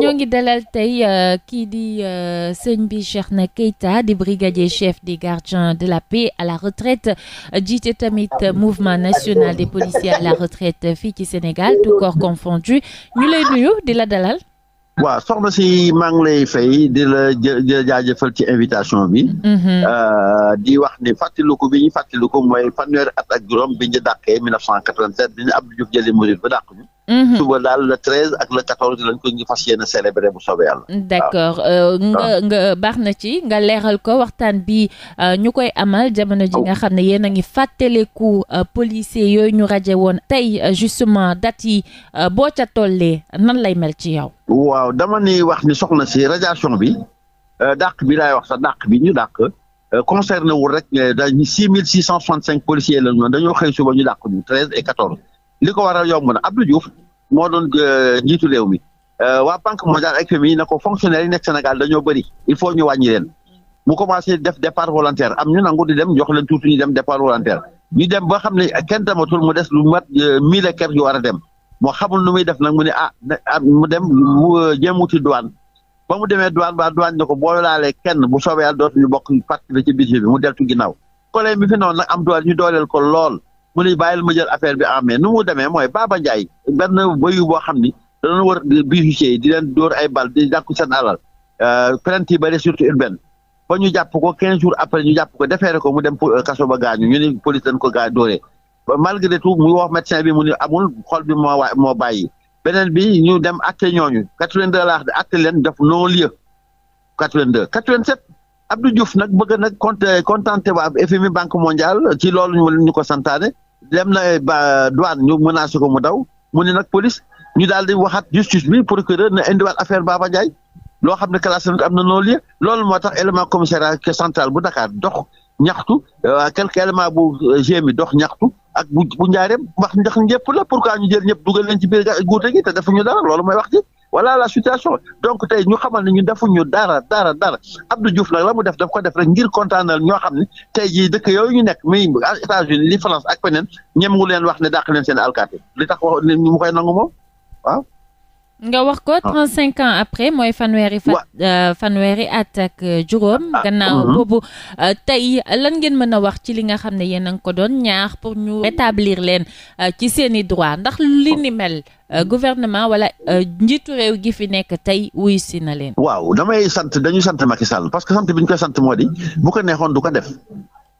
ñoo ngi dalal tey euh, kii di euh, sëñ bi na Keita di brigadier chef des gardiens de la paix à la retraite jiite tamit mouvement national des policiers à la retraite fii ci Sénégal tout corps confondu ñu lay nuyu di la dalal waaw soxna si maa ngi lay fay di la jaajëfal ci invitation bi mhm. euh, di wax ni fàttaliku bi ñu fàttaliku mooy fanweeri at ak juróom bi ñu dàqee 1987 bi ñu Abdou Diouf jëlee murid ba dàq Mhm. suba daal le treize ak le quatorze lañ ko ñu fas yéene célébré bu soobee yàlla. d'accord euh, ah. nga baax na ci nga leexal ko waxtaan bi euh, ñu koy amal jamono ji ah. nga xam ne yéen a ngi fàttaliku euh, policiers yooyu ñu rajee woon tey justement date yi boo ca tollee nan lay mel ci yow. waaw dama ni wax ni soxna si radiation bi dàq bi laay wax sax dàq bi ñu dàq. concerné wul rek dañu six mille six cent soixante cinq policiers dañoo xëy suba ñu dàq treize et quatorze li ko waral yomb na Abdou Diouf moo doon euh, njiitu réew mi euh, waa banque mondiale ak FMI na ko fonctionnaire yi nekk Sénégal dañoo bëri il faut ñu wàññi leen mu commencé def départ volontaire am ñu nangu di dem jox leen tuuti ñu dem départ volontaire ñu dem ba xam ne kenn dematul mu des lu mat euh, mille et quelques war a dem moo xamul nu muy def nag mu ne ah, ah mu dem mu jéem wuti douane ba mu demee douane ba douane ne ko boo laalee kenn bu soobee yàlla dootuñu bokk parti la ci budget bi mu deltu ginnaaw collègue bi fi noonu nag am ñu dooleel ko lool mu ne bàyyil ma affaire bi en main nu mu demee mooy Baba Ndiaye benn bëyu boo xam ni da war bijoutier di leen dóor ay bal di dàkku seen alal euh, plainte yi bëri surtout urbaine ñu jàpp ko quinze jours après ñu jàpp ko defeere ko mu dem euh, kaso ba gaañu ñu ni police dañ ko gaa malgré tout mu wax médecin bi mu ni amul xol bi moo wa beneen bi ñu dem acté ñooñu quatre-vingt-deux la wax de acté leen def non lieu quatre-vingt-deux quatre-vingt-sept Abdou Diouf nag bëgg nag conté contenté waa FMI ci loolu ñu ko santaane dem na eh, ba douane ñu menacé ko daw mu ne nag police ñu daal di waxaat justice bi procureur na indiwaat affaire Baba Ndiaye loo xam ne classé am na nool lieu loolu moo tax élément commissariat central bu Dakar dox ñaxtu euh, quelque élément bu euh, GMI dox ñaxtu ak bu bu njaareem wax ndax ñëpp la pourquoi ñu jël ñëpp dugal leen ci biir guute gi te defuñu dara mooy wax ji voilà la situation donc tey ñu xamal ne ñu defuñu dara dara dara Abdou Diouf nag la mu def daf ko def rek ngir kontaanal ñoo xam ne tey jii dëkk yooyu ñu nekk muy États-Unis li France ak feneen ñem ngu leen wax ne dàq leen seen alkaati li tax wax mu koy nangu moom waaw. nga wax ko ah. trente cinq ans après mooy fanweeri fa euh, fanweeri at ak euh, juróom ah. gannaaw mhm. boobu euh, tey lan ngeen mën a wax ci li nga xam ne yéen a ngi ko doon ñaax pour ñu rétablir leen ci seeni droit ndax li ni mel gouvernement wala njiitu réew gi fi nekk tey wuy si na leen waaw damay sant dañuy sant Macky Sall parce que sant bi ñu koy sant moo di bu ko neexoon du ko def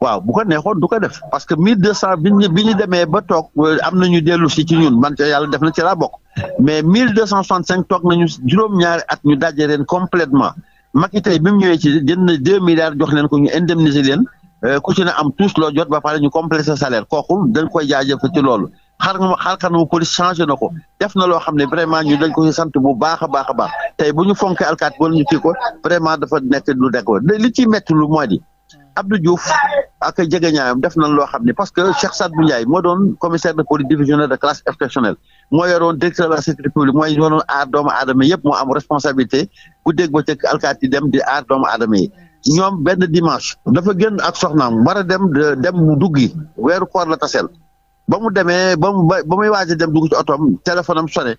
waaw bu ko neexoon du ko def parce que mille deux cent bi ñu bi ñu demee ba toog euh, am nañu dellu si ci ñun man ca yàlla def na ci laa bokk mais mille deux cent soixante cinq toog nañu juróom-ñaari at ñu daje leen complètement Macky tey bi mu ñëwee ci jënd na deux milliards jox leen ko ñu indemniser leen euh, ku ci ne am tous loo jot ba pare ñu compléter sa salaire kooku dañ koy jaajëfal ci loolu xar nga xar kanamu police changé na ko def na loo xam ne vraiment ñu dañ ko ci sant bu baax a baax a baax tey bu ñu fonkee alkaat wala ñu kii ko vraiment dafa nekk lu dekk li ci métti lu mooy di Abdou Diouf ak jegeñaayam def nañ loo xam ne parce que Cheikh Sadbou Ndiaye moo doon commissaire de police divisionnaire de classe exceptionnelle moo yoroon directeur de la sécurité publique mooy yoroon aar doomu aadama yëpp moo am responsabilité bu dégg ba cëkk alkaati dem aar doomu aadama yi ñoom benn dimanche dafa génn ak soxnaam war a dem dem mu duggi weeru koor la taseel ba mu demee ba mu ba muy waaj a dem dugg ci otoom téléphone am sonné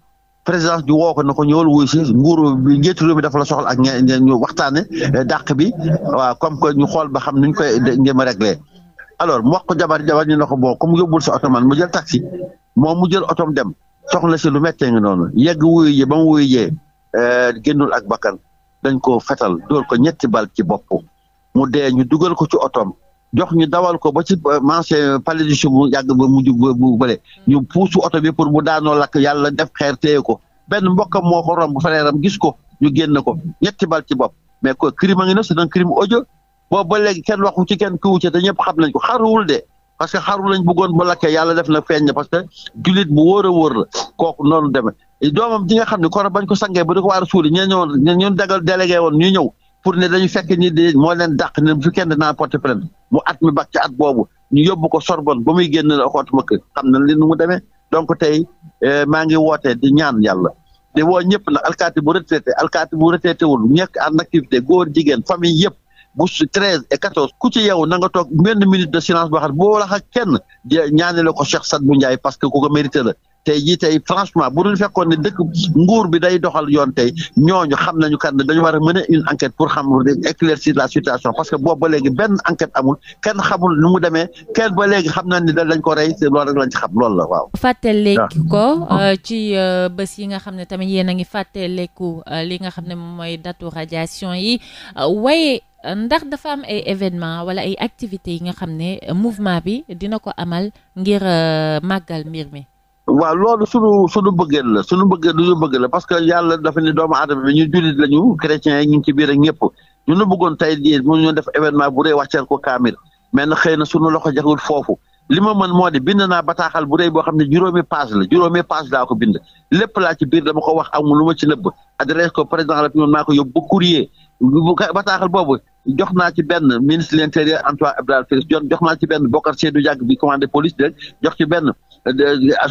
présidence bi woo ko na ko ñëwal wuy si nguur bi njiitu réew mi dafa la soxla ak ñe ñu waxtaane eh, dàq bi waaw comme que ñu xool ba xam nuñ koy ngëm a réglé alors mu wax ko jabar jabar ñu ne ko bon comme yóbbul sa oto man mu jël taxi moom mu jël otoom dem soxla si lu méttee ngi noonu yegg wuyu ji ba mu wuyu jee eh, génnul ak bakkan dañ ko fetal dóor ko ñetti bal ci bopp mu dee ñu dugal ko ci otoom jox ñu dawal ko ba ci marché palais du chou mu yàgg ba mujj bu bële ñu mm. puusu oto bi pour mu daanoo lakk yàlla def xeer téye ko benn mbokkam moo ko romb frèram gis ko ñu génn ko ñetti bal ci bopp mais ko crime a ngi na c'est un crime ba léegi kenn waxu ci kenn kiwu ci te ñëpp xam nañ ko xaruwul de parce que xaru lañ bëggoon ba lakkee yàlla def na feeñ na parce que jullit bu wóor a wóor la kooku noonu demee doomam di nga xam ne koro bañ ko sangee ba di ko waar suuli ñeen ñoon ñun dagal délégué woon ñu ñëw pour ne dañu fekk ñi di moo leen dàq ne su kenn naa porter plainte mu at mi bak ci at boobu ñu yóbbu ko Sorbonne ba muy génn la xootuma kër xam na li nu mu demee donc tey euh, maa ngi woote di ñaan yàlla di woo ñëpp nag alkaati bu retraité alkaati bu retraité wul ñekk en activité góor jigéen famille yëpp bu treize et quatorze ku ci yow na nga toog benn minute de silence boo xam boo wax ak kenn ñaanale ko Cheikh Sadbou Ndiaye parce que ku ko mérité la tey jii tey franchement bu dul fekkoon ne dëkk nguur bi day doxal yoon tey ñooñu xam nañu kan dañu war a mener une enquête pour xam éclaircir la situation parce que boobu ba léegi benn enquête amul kenn xamul nu mu demee kenn ba léegi xam na ni da lañ ko rey te loolu rek lañ ci xam loolu la waaw. ko ah. euh, ci euh, bés yi nga xam ne tamit yéen a ngi fàttaleku euh, li nga xam ne moom mooy datu radiation yi waaye ndax dafa am ay événement wala ay activités yi nga xam ne mouvement bi dina ko amal ngir màggal mbir mi. waaw loolu sunu sunu bëggeel la sunu bëggeel lu ñu bëgg la parce que yàlla dafa ne doomu aadama ñu jullit lañu chrétiens yi ñu ngi ci biir ak ñëpp ñun bëggoon tey jii mu ñu def événement bu wax wàcceel ko kaamil mais na xëy na sunu loxo jaxul foofu li ma mën moo di bind naa bataaxal bu rëy boo xam ne juróomi page la juróomi page laa ko bind lépp laa ci biir dama ko wax amul lu ma ci nëbb adresse ko président la maa ko yóbbu courrier bataaxal boobu jox naa ci benn ministre de l'intérieur Antoine Abdoulaye Félix Diome jox naa ci benn Bokar Seydou Diack bi commandé police de jox ci benn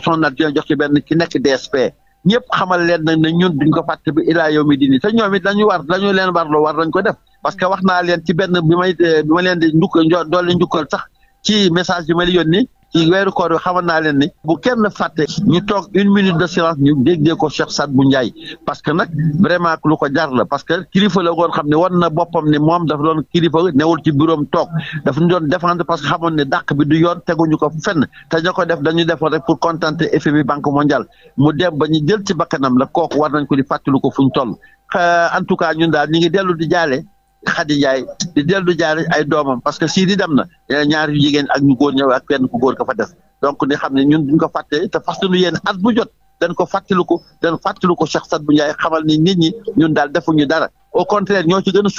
son adjoint jox ci benn ki nekk DSP ñëpp xamal leen nag ne ñun duñ ko fàtte bi ilaa yow mi dini te ñoom dañu lañu war lañu leen lo war dañ ko def parce que wax naa leen ci benn bi may bi ma leen di ndukk doole njukkal sax ci message bi ma li yónni i weeru koor yi naa leen ni bu kenn fàtte ñu toog une minute de silence ñu déggee ko Cheikh bu Ndiaye parce que nag vraiment lu ko jar la parce que kilifa la woon xam ne wan na boppam ne moom daf doon kilifa newul ci buróom toog dafa ñu doon défendre parce que xamoon ne dàq bi du yoon teguñu ko fenn te ña ko def dañu defoon rek pour contenter FMI banque mondiale mu dem ba ñu jël ci bakkanam la kooku war nañ ko di ko fu ñu toll euh, en tout cas ñun daal ñu ngi dellu di jaale. Xadi Njaay di dellu jaar ay doomam parce que sii di dem na ñaar yu jigéen ak ñu góor ñëw ak kenn ku góor ka fa def donc ni xam ne ñun duñ ko fàtte te fas yéene at bu jot dañ ko fàttaliku dañ fàttaliku Cheikh bu Ndiaye xamal ni nit ñi ñun daal defuñu dara au contraire ñoo ci gën a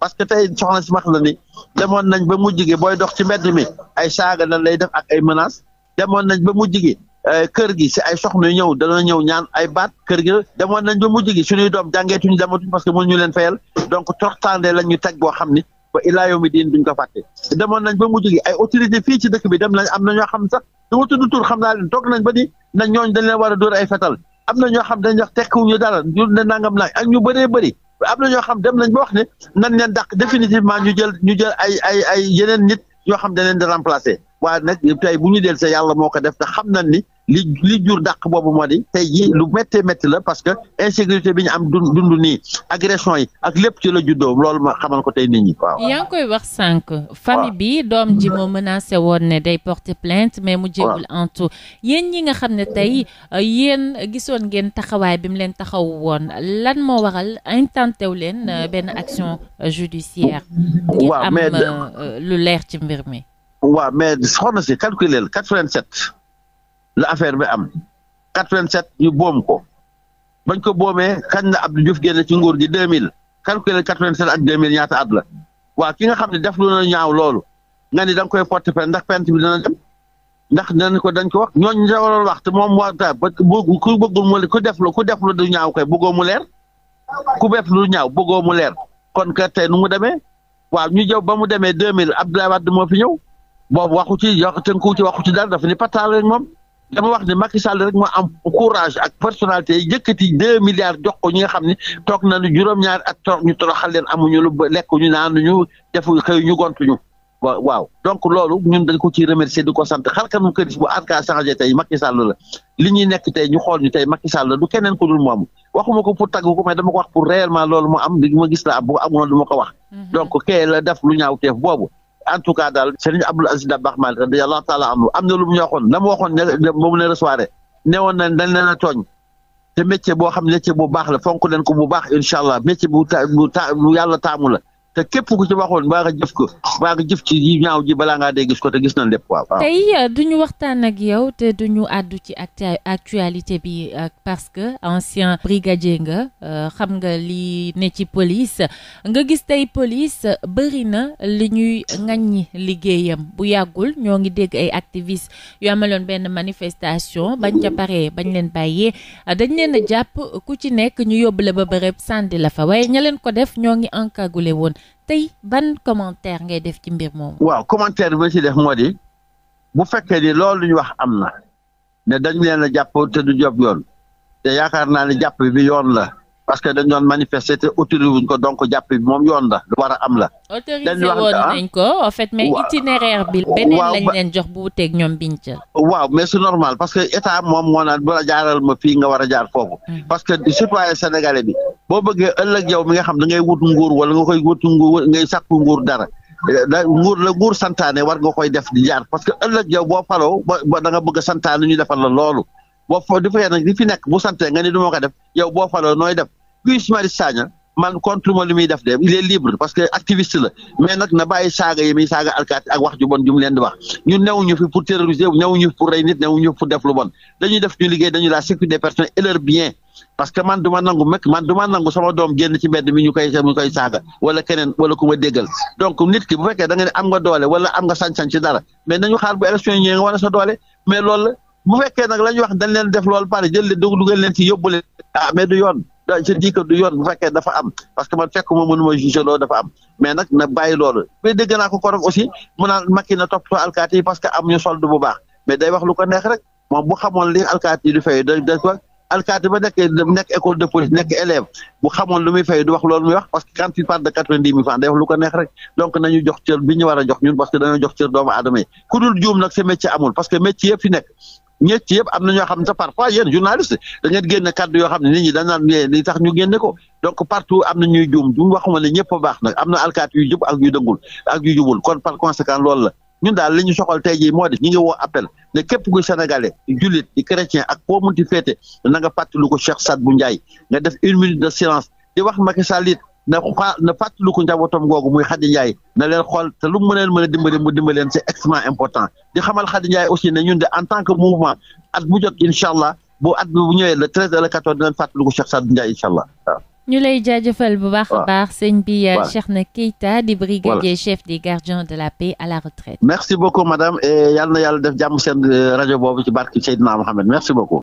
parce que tey soxna si max na ni demoon nañ ba mujj gi booy dox ci mbedd mi ay saaga nan lay def ak ay menaces demoon nañ ba mujj gi Euh, kër gi si ay soxna ñëw dana ñëw ñaan ay baat kër gi demoon nañ ba mujj gi suñuy doom jàngeetuñu dematuñ parce que mënu ñu leen fayal donc tortaande lañ ñu teg boo xam ni ba ilaa mi diin duñ ko fàtte demoon nañ ba mujj gi ay autorité fii ci dëkk bi dem nañ am na ñoo xam sax du ma tudd xam naa leen toog nañ ba di nañ ñooñ dañ leen war a dóor ay fetal am na ñoo xam dañ wax tekkiwuñu dara ñu ne nangam naa ak ñu bëree bëri am na ñoo xam dem nañ ba wax ne nañ leen dàq définitivement ñu jël ñu jël ay ay ay yeneen nit ñoo xam dañ leen di remplacer waaye nag tey bu ñu del sa yàlla moo ko def te xam nañ ni li li jur dàq boobu moo di tey ji lu méttee métti la parce que insécurité bi ñu am dund dund nii agression yi ak lépp ci la juddoo loolu ma xamal ko tey nit ñi waaw. yaa ngi koy wax sànq. famille bi doom ji moo menacé woon ne day porter plainte mais mu jéegul en tout yéen ñi nga xam ne tey euh, yéen gisoon ngeen taxawaay bi mu leen taxaw woon lan moo waral intenté wu leen euh, benn action euh, judiciaire. waaw ngir am lu leer ci mbir mi. waaw mais soxna si calculel quatre vingt sept la affaire bi am quatre vingt sept ñu boom ko bañ ko boomee kañ la Abdou Diouf génn ci nguur gi deux mille calculel quatre vingt sept ak deux at la waaw ki nga xam ne def lu na ñaaw loolu nga ni da koy porter plainte ndax plainte bi dana dem ndax dinañ ko dañ ko wax ñooñu da waroon wax te moom waa bu ku bëggul mu ku def lu ku def lu du ñaaw koy bëggoo mu leer ku def lu ñaaw bëggoo mu leer kon que tey nu mu demee wa ñu jëw ba mu demee deux mille Abdoulaye Wade moo fi ñëw boobu waxu ci yàq tënku ci waxu ci dara dafa ni pataal rek moom dama wax ne Macky Sall rek moo am courage ak personnalité yëkkati deux milliards jox ko ñi nga xam ne toog nañu juróom-ñaari at toog ñu toroxal leen amuñu lu lekk ñu naan ñu defu xëy ñu gontuñu waaw donc loolu ñun dañ ko ciy remercier di ko sant xar kanam këris bu arka changé tey Macky Sall li ñuy nekk tey ñu xool ñu tey Macky Sall la du keneen ku dul moom waxuma ko pour tagg ko mais dama ko wax pour réellement loolu mu am li ma gis la bu amoon du ma ko en tout cas daal Serigne Abdoul Aziz Dabakh Malick radiyallahu taala anhu am na lu mu ñu waxoon la mu waxoon ne moom la ne na dañ leen a tooñ te métier boo xam métier bu baax la fonk leen ko bu baax incha allah métier bu ta bu ta bu yàlla taamu la te képp ku ci waxoon mbaa nga jëf ko waa nga jëf ci ñaaw ji balaa ngaa dee gis ko te gis nañ lépp waaw. tey euh, ñu waxtaan ak yow te duñu àddu ci actualité bi euh, parce que ancien brigadier nga euh, xam nga li ne ci police nga gis tey police bëri na li ñuy ñi liggéeyam bu yàggul ñoo ngi dégg ay activistes yu amaloon benn manifestation bañ ca bañ leen bàyyee dañ leen jàpp ku ci nekk ñu yóbbu la ba bërëb sànni la fa waaye ña leen ko def ñoo ngi encagulé woon. tey ban commentaire ngay def ci mbir moomu. waaw commentaire bi ma ci def moo di bu fekkee ni loolu ñu wax am na ne dañ leen a jàpp te du job yoon te yaakaar naa ne jàpp bi yoon la. parce que dañ doon manifester te autorisé wuñ ko donc jàpp moom yoon la lu war a am la. dañ woon ah. bi. beneen lañ leen jox bu wuteeg ñoom biñ ca. waaw mais c'est normal parce que état moom moo a jaar foofu. Hmm. parce que citoyen sénégalais bi boo bëggee ëllëg yow mi xam da ngay wut nguur wala nga koy wut nguur ngay sàkku nguur dara. Eh, da nguur la nguur santaane war nga koy def di jaar parce que ëllëg yow boo faloo ba da nga bëgg a santaane ñu defal la loolu boo fa nag di fi bu santee nga Guy Marius Sagna man contre ma def de il libre parce que activiste la mais nag na bàyyi saaga yi muy saaga alkaati ak wax ju bon ju leen di wax ñun newuñu fi pour terroriser newuñu fi pour rey nit newuñu fi pour def lu bon dañuy def ñu liggéey dañu la sécurité personnes et bien parce que man du ma nangu mekk man du ma nangu sama doom génn ci mbedd mi ñu koy ñu wala keneen wala ku ma déggal donc nit ki bu fekkee da am nga doole wala am nga daa euh, dis que du yoon bu fekkee dafa am parce que man fekkuma mënuma jugé loolu dafa am mais nag na bàyyi loolu mais dégg naa ko korog aussi mu naan Macky na alkaati yi parce que am ñu solde ba nekk nekk école de police nekk élève bu xamoon lu muy fay du wax loolu muy wax parce que quand il parle de quatre-vingt-dix mille francs day wax lu ko neex rek donc nañu jox cër bi ñu a jox ñun parce que dañoo jox cër doomu aadama yi ku dul juum nag sa métier amul parce que métier yëpp fi nekk ñett yëpp am na ñoo xam ne parfois yéen journaliste da ngeen génne kàddu yoo xam ne nit ñi dañ tax ñu génne ko donc partout am na ñuy juum juum waxuma ne ñëpp a baax nag am na alkaat yu jub ak yu dëngul ak yu kon par conséquent loolu la ñun daal li ñu soxal te jii moo di ñu ngi woo appel ne képp ku sénégalais jullit di chrétien ak foo munti féete na nga fàttaliku Cheikh Sadbou Ndiaye nga def une minute de silence di wax ma Sall it na xaa na fàttaliku njabootam googu muy Khady Ndiaye na leen xool te lu mu leen mën a dimbali mu dimbali leen c'est extrêmement important di xamal Khady Ndiaye aussi ne ñun de en tant que mouvement at bu jot incha allah bu at bu ñëwee le treize et le quatorze la fàttaliku Cheikh Sadou Ndiaye incha ñu lay jaajëfal bu baax a baax sëñ bi euh, Cheikhna Keita di brigadier chef des gardiens de la paix à la retraite merci beaucoup madame et yal na yàlla def jàmm seen euh, rajo boobu ci barke Seydina Mohamed merci beaucoup